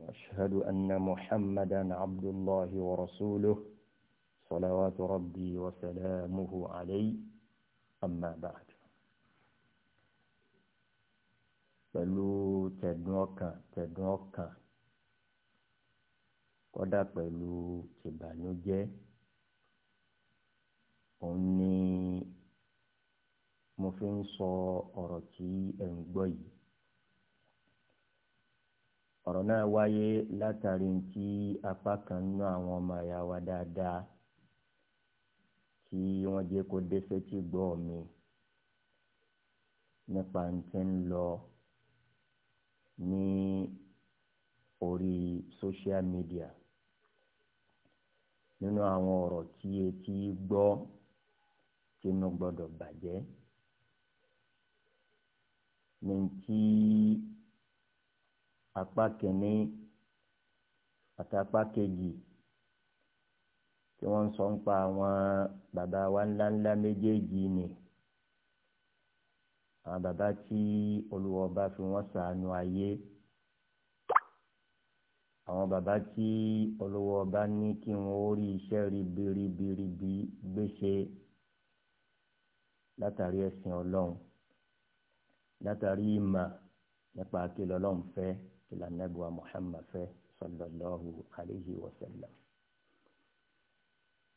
وأشهد أن محمدا عبد الله ورسوله صلوات ربي وسلامه عليه أما بعد pẹ̀lú tẹ̀dùn ọkàn tẹ̀dùn ọkàn kọ́dà pẹ̀lú tìbànújẹ́ òun ni mo fi ń sọ ọ̀rọ̀ tí ẹ̀ ń gbọ́ yìí ọ̀rọ̀ náà wáyé látàrí ti apá kan nínú àwọn ọmọ ẹ̀yà wa dáadáa tí wọ́n jẹ́ kó dé sétí gbọ́ mi nípa ti ń lọ ní orí social media nínú àwọn ọ̀rọ̀ tí etí gbọ́ tínú gbọ́dọ̀ bàjẹ́ ní ti apá kìíní àti apá kejì tí wọ́n ń sọ ń pa àwọn bàbá wa ńláńlá méjèèjì ni àwọn bàbá tí Olúwa bá fi wọ́n ṣàánú ayé àwọn bàbá tí Olúwa bá ní kí wọ́n ó rí iṣẹ́ ribiribiribi gbéṣe látàrí ẹ̀sìn Ọlọ́run látàrí ìmọ̀ nípa kí lọ́lọ́run fẹ́. kí la nẹ́bùa Muhammad fẹ́ sallallahu alayhi wa sallam.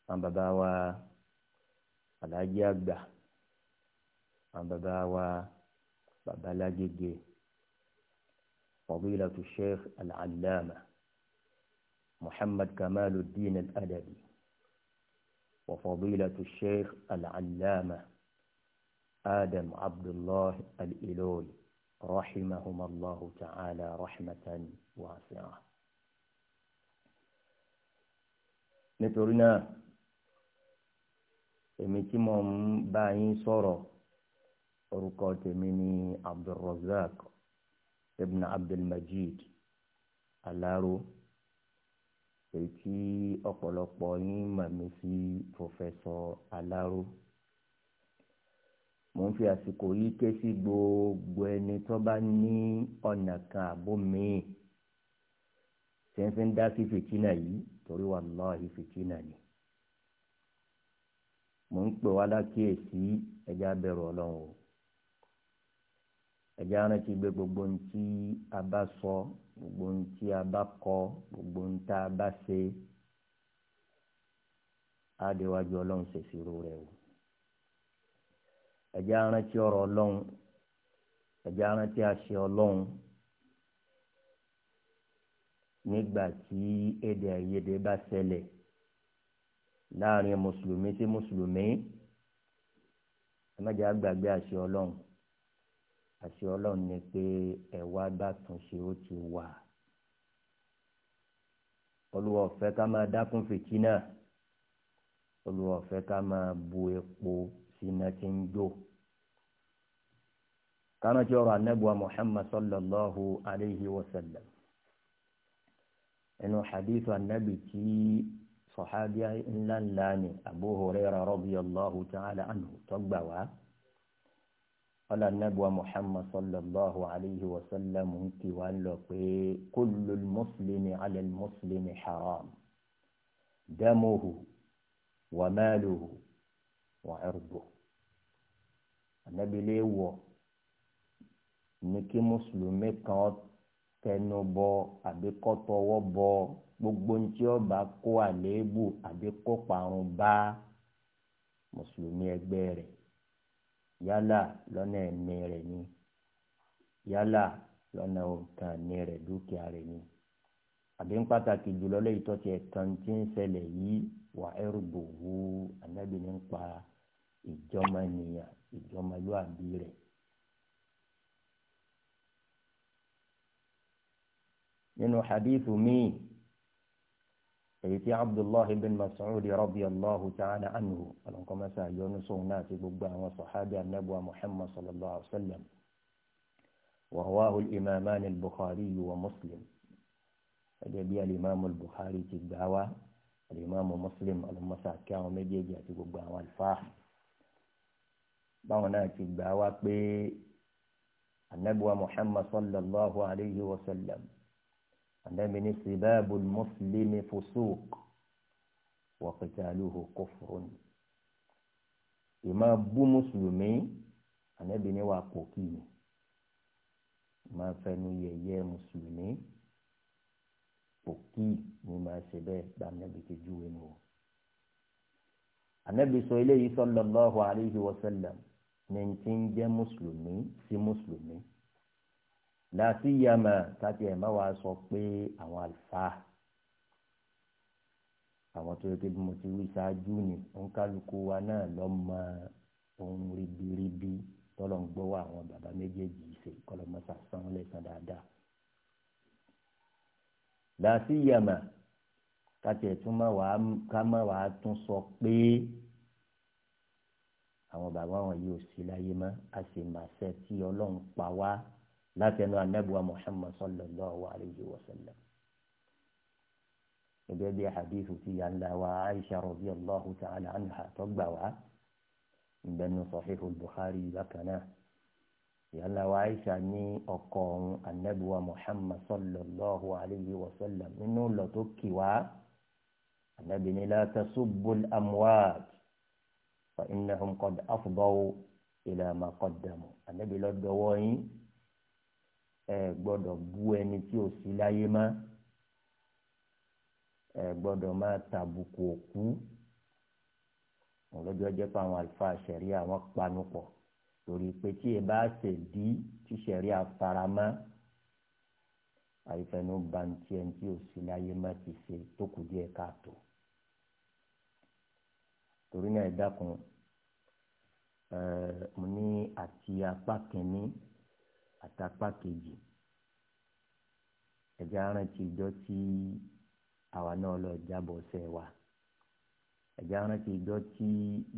àwọn bàbá wa alájí àgbà àwọn bàbá wa babalágége fadilatu sheikh al-allama Muhammad Kamaluddin al-Adabi wa fadilatu sheikh al-allama Adam Abdullah al-Iloyi. رحمهما الله تعالى رحمة واسعة نتورنا امتمم باين صورة orúkọ tèmi ni abdulrozak ibn abdulmajid alaro èyí tí ọ̀pọ̀lọpọ̀ yín mọ̀ mí sí pòfẹ́sọ alaro mò ń fi àsìkò yìí ké sí gbogbo ẹni tó bá ní ọ̀nà kan àbó míì tí ń fi ń dá sí fìtínà yìí torí wàláhì fìtínà ni mò ń pè wá lákìyèsí ẹja bẹ̀rù ọlọ́run o ẹja rántí gbé gbogbo ohun tí a bá sọ gbogbo ohun tí a bá kọ gbogbo ohun tá a bá ṣe á déwájú ọlọ́run ṣèṣirò rẹ̀ o ẹ̀jẹ̀ arántí ọ̀rọ̀ ọlọ́run ẹ̀jẹ̀ arántí àṣẹ ọlọ́run nígbà tí èdè àìyedè bá ṣẹlẹ̀ láàrin mùsùlùmí sí mùsùlùmí ẹ má jẹ́ àgbàgbé àṣẹ ọlọ́run àṣẹ ọlọ́run ni pé ẹ̀wá bá tún ṣe ó ti wà olùwà ọ̀fẹ́ ká máa dákún fìtínà olùwà ọ̀fẹ́ ká máa bu epo sí iná tí ń jó. kánàtì ọ̀rọ̀ anábùwà muhammad sallallahu alayhi wa sallam inú hadith anábì tí sọ̀hábíà ńlá ńlá ni abu huraira radiyallahu ta'ala anhu tó gbà wá. قال النبوة محمد صلى الله عليه وسلم انت وانلقي كل المسلم على المسلم حرام دمه وماله wà ẹrùgbò ànábìlẹ wọ ní kí mùsùlùmí kan tẹnu bọ àbí kọtọwọ bọ gbogbo ntí ọba kó àléébù àbí kó parun bá mùsùlùmí ẹgbẹ́ rẹ̀ yálà lọ́nà ẹ̀mí rẹ̀ ni yálà lọ́nà nǹkan ẹ̀mí rẹ̀ dúkìá rẹ̀ ni àbí ń pàtàkì jùlọ lẹ́yìn tó ti ẹ̀kan tí ń ṣẹlẹ̀ yìí wà ẹrù gbòòwò ànábì ní ń pa ìjọmọ ènìyàn ìjọmọ ìlú àbí rẹ̀. nínú hadith míì èyí tí abdullahi bin mas'ud radiyallahu ta'ala anhu ọlọ́nkọ́mọ́sá yọnu sóun náà ti gbogbo àwọn sọ̀hábì anábùwà muhammad sallallahu alayhi wa sallam wàhùwàhù imamani bukhari wa muslim gẹ́gẹ́ bí alimami bukhari ti gbawa wá alimami muslim ọlọ́mọ́sá kí àwọn méjèèjì àti gbogbo àwọn alfáà. báwọn náà ti gbà wá pé anabiwa muhammad sallallahu alayhi wa sallam anabi ni sibabul muslimi fusuq wa qitaluhu kufrun ìmọ̀ bú mùsùlùmí anabi ni wà pòkì ni ìmọ̀ fẹnu yẹ̀yẹ́ mùsùlùmí pòkì ni màá ṣe bẹ́ẹ̀ bá anabi ti júwe nù. anabi sọ eléyìí sallallahu alayhi wa sallam ní ti ń jẹ́ mùsùlùmí sí mùsùlùmí láti yàmà tàbí ẹ̀ má wàá sọ pé àwọn àlùfáà àwọn tó yẹ kí mo ti wí ṣáájú ni òǹkálukú wa náà lọ mọ ohun ribiribi tọ́lọ̀ ń gbọ́wọ́ àwọn bàbá méjèèjì ṣe kọlọmọsà sanwó lẹ́sàn dáadáa. làásì yàmà kájẹ̀ tún má wàá tún sọ pé àwọn bàbá wọn yóò sí láyé mọ́ a sì máa ṣe tí ọlọ́run pa wá látẹnu anábùwà Muhammad sallallahu alayhi wa sallam. gẹ́gẹ́ bí hadithu ti yà ń la wa Aisha radiyallahu ta'ala anha tó gbà wá ìbẹnu sahihu Bukhari bákan náà yàrá wa Aisha ní ọkọ ọ̀hún anábùwà Muhammad sallallahu alayhi wa sallam nínú lọ́tọ́ wá anábìnrin la tasubbu al fa innahum qad afdaw ila ma qaddamu ànábì lọ́dọ̀wọ́ yín ẹ gbọ́dọ̀ bú ẹni tí ò sí láyé má ẹ gbọ́dọ̀ má tàbùkù òkú ọlọ́jọ́ jẹ́ pé àwọn àlùfáà ṣẹ̀ríà wọ́n panu pọ̀ torí pé tí ẹ bá ṣe dí tí ṣẹ̀ríà faramọ́ àìfẹnubantí ẹni tí ò sí láyé má ti ṣe tó kù díẹ̀ káàtó torí náà ẹ dákun ẹ mo ní àti apá kìíní àtàpá kejì ẹjẹ arántí ìjọ tí àwa náà lọ jábọ̀ ṣe wa ẹjẹ arántí ìjọ tí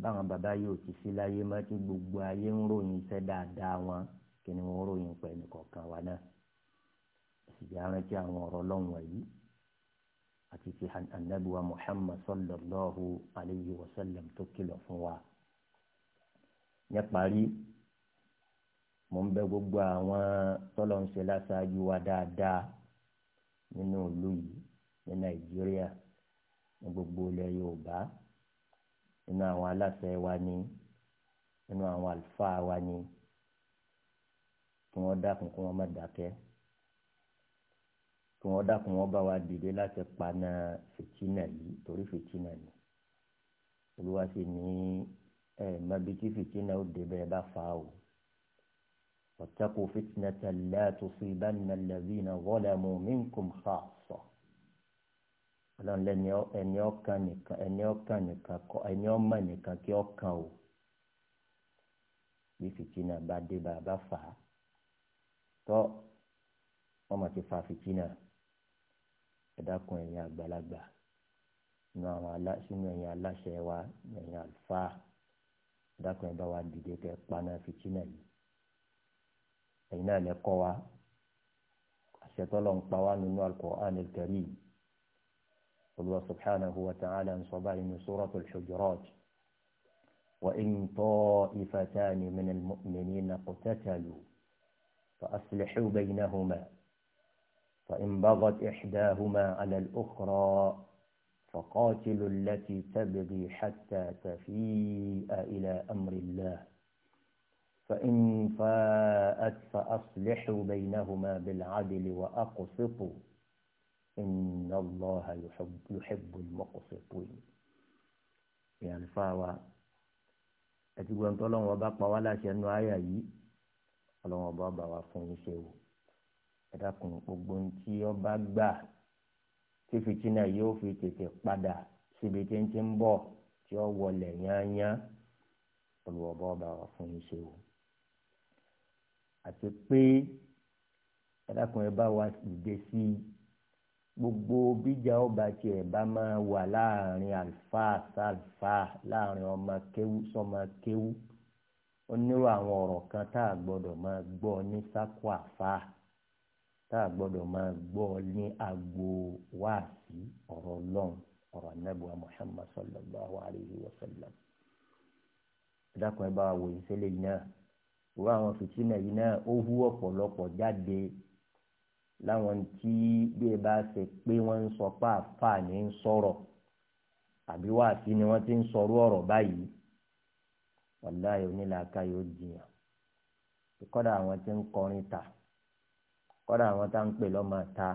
báwọn bàbá yóò ti sí láyé má tí gbogbo ayé ń ròyìn iṣẹ́ dáadáa wọn kí ni wọ́n ròyìn pẹ̀lú kọ̀ọ̀kan wa náà ẹjẹ arántí àwọn ọ̀rọ̀ ọlọ́run wọ̀nyí àti ti anabiwa muhammad sallallahu alayhi wa sallam tó kìlọ̀ fún wa. níparí mo ń bẹ gbogbo àwọn tọ́lọ̀ ń ṣe láṣáájú wa dáadáa nínú ìlú yìí ní nàìjíríà ní gbogbo ilẹ̀ yorùbá nínú àwọn aláṣẹ wa ni nínú àwọn àlùfáà wa ni kí wọ́n dákun kí wọ́n má dákẹ́ kí wọ́n dákun wọ́n bá wa dìde láti paná fìtínà yìí torí fìtínà ni olúwa sì ní ẹ mọbi tí fìtínà ó dé bẹ́ẹ̀ bá fa o wattaqu fitnatan la tusibanna alladhina zalamu minkum khassa ọlọ́run lẹ́ni ẹni ọkàn nìkan ẹni ọkàn nìkan kọ ẹni ọmọ nìkan kí ọkàn o bí fìtínà bá dé bá a bá fà á ti fa fìtínà ẹ̀dákun ẹ̀yin àgbàlagbà sínú àwọn sínú ẹ̀yin aláṣẹ wa ẹ̀yin àlùfáà ẹ̀dákun ẹ̀yin bá wa dìde kẹ́ paná fìtínà yìí ẹ̀yin náà lẹ kọ́ wa àṣẹ tọ́lọ̀ ń pa wá nínú Al-Qur'anil Karim Olúwa subhanahu wa ta'ala ń sọ báyìí ní Suratul Hujurat. وإن طائفتان من المؤمنين اقتتلوا فأصلحوا بينهما فإن بغت إحداهما على الأخرى فقاتلوا التي تبغي حتى تفيء إلى أمر الله فإن فاءت فأصلحوا بينهما بالعدل وأقسطوا إن الله يحب, يحب المقسطين يعني فاوى أتقول أن آية الله وبقى ولا شأن آية أي الله وبقى وفنشه ẹ̀dàkùn gbogbo ohun tí ọba gbà tí fìtínà yóò fi tètè padà síbi tí ń ti ń bọ̀ tí ó wọlé yányán olùwọ́bọ̀ ọba wà fún iṣẹ́ o àti pé ẹ̀dàkùn ẹ̀ bá wa dìde sí i gbogbo bíjà ọba tí ẹ bá máa wà láàrin àlùfáà sàlùfáà láàrin ọmọ kéwú sọmọ kéwú onírò àwọn ọ̀rọ̀ kan tá a gbọ́dọ̀ máa gbọ́ ní sákò tá a gbọ́dọ̀ máa gbọ́ ní agbo wáàsí ọ̀rọ̀ ọlọ́run ọ̀rọ̀ anábùwà Muhammad sallallahu alayhi wa sallam. ìdákan ẹ bá wa wò ìṣẹ̀lẹ̀ yìí náà ìwọ àwọn fìtínà yìí náà ó hú ọ̀pọ̀lọpọ̀ jáde láwọn tí bí ẹ bá ṣe pé wọ́n ń sọ páàpá ní ń sọ̀rọ̀ àbí wáàsí ni wọ́n ti ń sọ̀rọ̀ ọ̀rọ̀ báyìí wàláyé onílàákà yóò jiyàn kọ́dà àwọn tí ń kọrin tà kọ́dà àwọn tá ń pè lọ́mọ ta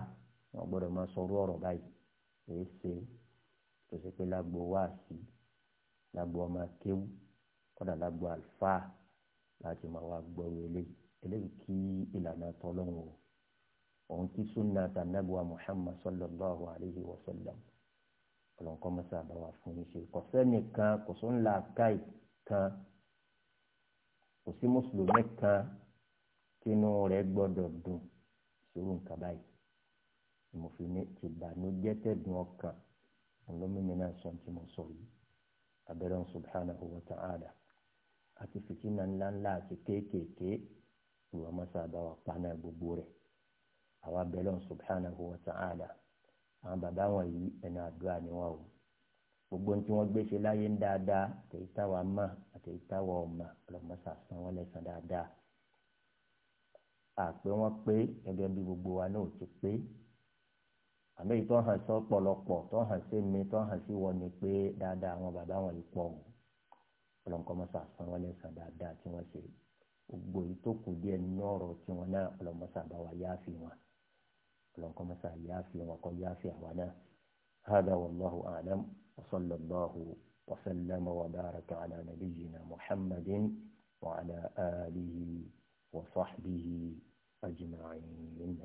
wọ́n gbọ́dọ̀ máa sọ̀rọ̀ ọ̀rọ̀ báyìí èyí ṣe tó ṣe pé lágbo wá sí lágbo ọmọ kéwù kọ́dà lágbo àlùfáà láti máa wá gbọ́ eléyìí eléyìí kí ìlànà tọ́lọ́run o òun kí sunna tànàbùwà Muhammad sallallahu alayhi wa sallam ọlọ́nkọ́ mọ́sá àbáwá fún iṣẹ́ kò sẹ́nìkan kò sún la káì kan kò sí mùsùlùmí kan kínú rẹ̀ gbọ́dọ̀ dùn sùúrù nǹkan báyìí mo fi ní ìbànújẹ́ tẹ̀dùn ọkàn olómìnira sọ tí mo sọ yìí abẹ́rẹ́ subhanahu wa ta'ala àti fìtínà ńláńlá àti kéékèèké ìwà mọ́sáàbá wa paná gbogbo rẹ̀ àwa abẹ́rẹ́ subhanahu wa ta'ala àwọn bàbá wọn yìí ẹni àdúrà ni wọn o gbogbo tí wọn gbéṣe láyé ń dáadáa àtẹ̀yítàwọ̀ àmà àtẹ̀yítàwọ̀ ọ̀mà ọlọ́mọṣà san wọn dáadáa àpé wọn pé gẹ́gẹ́ bí gbogbo wa náà ti pé àmì tó hàn sí ọ̀pọ̀lọpọ̀ tó hàn sí mi tó hàn sí wọn ni pé dáadáa àwọn bàbá wọn yìí pọ̀ ọlọmọkọmọsà san wọn lẹsàn dáadáa tí wọn ṣe gbogbo èyí tó kù díẹ̀ nínú ọ̀rọ̀ tí wọn náà ọlọmọsà bá wa yáàfi wọn ọlọmọkọmọsà yáàfi wọn kọ yáàfi àwa náà hada wàlláhu alam wa sallallahu wa sallama wa baraka ala nabiyyina muhammadin wa ala alihi. وصحبه أجمعين